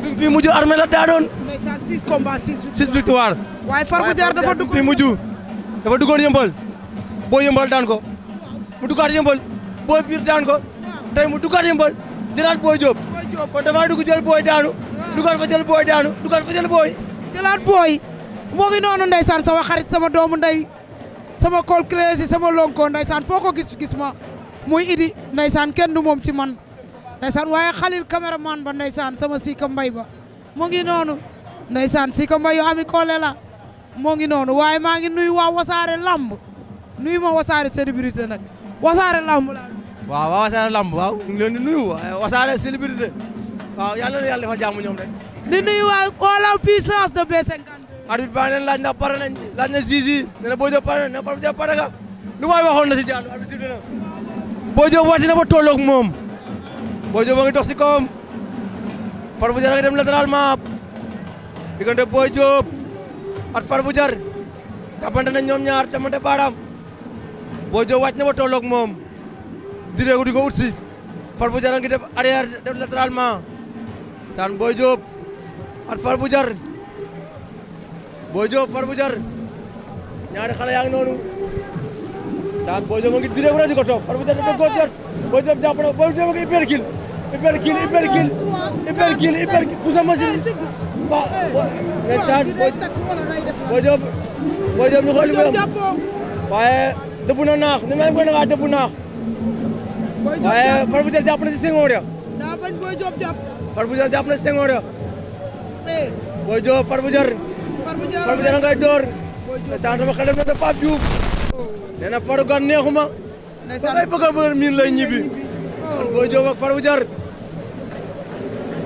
bi fi mujj armée la daa doon. waaye Farba Diar dafa dugg fi mujj dafa duggoon yëmbal boo yëmbal daan ko mu duggaat yëmbal boo biir daan ko tey mu duggaat yëmbal jëlaat booy Diop. kon dafa dugg daanu. duggaat ko jël booy daanu duggaat ko jël booy. jëlaat booy moo ngi noonu sama xarit sama doomu ndey sama kol sama lonko ndeysaan foo ko gis gis ma muy idi ndeysaan kenn du moom ci ndeysaan waaye xalil caméraman ba ndeysaan sama siika mbay ba mu ngi noonu ndeysaan siika mbay yu ami koole moo ngi noonu waaye maa ngi nuyu waa wasaare lamb nuyu ma wasaare célébrité nag wasaare lamb la waaw waaw wasaare lamb waaw ñu lamb leen di nuyu wasaare célébrité waaw yàlla na yàlla defal jàmm ñoom rek di nuyu waa Olaw puissance de B52 arbitre baa leen laaj ndax pare nañ laaj na zizi ne na Boy Diop pare na pare nga waxoon na si jàll arbitre bi na ba tolloog moom Boy Diop a ngi dox si kawam Far bu Jar a ngi dem latéralement diggante Boy Diop at Far bu Jar nañ ñoom ñaar demante baaraam Boy Diop wàcc na ba moom direeku di ko ut si Far bu Jar a ngi def arrière def latéralement saan Boy Diop at Far bu Jar Boy Diop Far bu Jar ñaari xale yaa ngi noonu saan Boy Diop a ngi direeku na di ko toog Far bu Jar daf ko góor jot Boy Überkill, Überkill, Überkill, Überkill. Bu zaman şimdi... Yeter. Bocam, bocam ne kadar bocam? Baye, debu na nak, ne mem kadar debu nak. Baye, पर बुझे आपने सिंग हो रहा। ना बन बोय जॉब जॉब। पर बुझे आपने सिंग हो रहा। बोय जॉब पर बुझे। पर बुझे। पर बुझे ना का डोर। सांसद में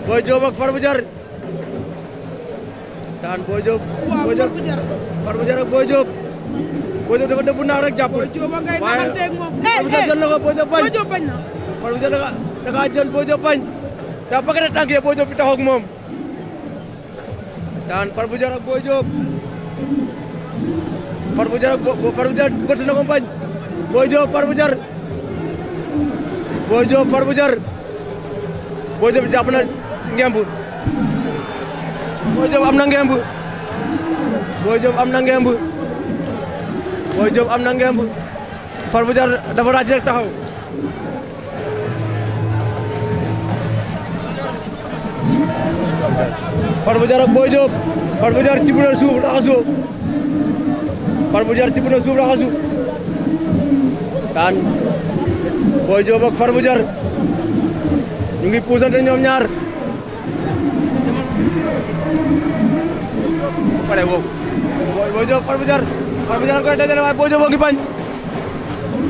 Boy Diop ak Farba Diar saan Boy Diop. waaw Farba Diar Farba ak Boy Diop. Boy Diop dafa dëbb naaw rek jàpp. Boy Diop ngay naxanteeg moom. eh eh jël na ko Boy bañ. Boy Diop bañ na. Farba bañ. daa bëgg na tànk yi Boy Diop saan Farba ak Boy Diop. Farba Diar Farba ko bañ. Boy Diop Farba Diar. Boy Diop ngemb Boy Diop am na ngemb Boy Diop am na ngemb Boy Diop am na ngemb Far Badiar dafa ràcc bu na suuf raxasu Far Badiar bu na suuf raxasu daan Boy Diop ak ñu ngi puusante ñoom ñaar pare boobu boo Farba Diar koy dajale waaye Boy Diop a ngi bañ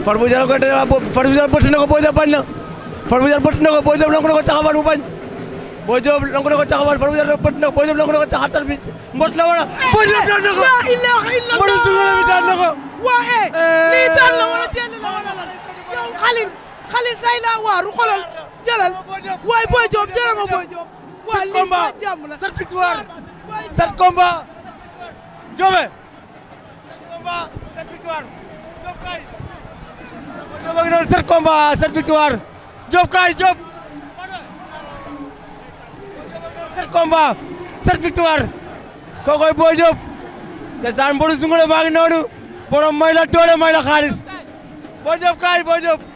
Farba Diar koy dajale waaye Farba Diar bëtt na ko Boy Diop bañ na Farba Diar bëtt na ko Boy Diop nangu na ko taxawal mu bañ Boy Diop nangu na ko taxawal Farba Diar bëtt na ko Boy Diop nangu na ko taxatal bi mbot la wala Boy Diop daan na ko mbot su wala bi daan na ko waa eh lii daan la wala jënd la wala yow xalil xalil day laa waaru xolal jëlal waaye Boy Diop jëlal ma Boy Diop sept combat sept victoire sept combat Ndiobé sept combat sept kay Diop a ngi doon sept combat sept victoire Diop kay Diop sept combat sept victoire kookoy may la doole may la xaalis Boy Diop kay Boy Diop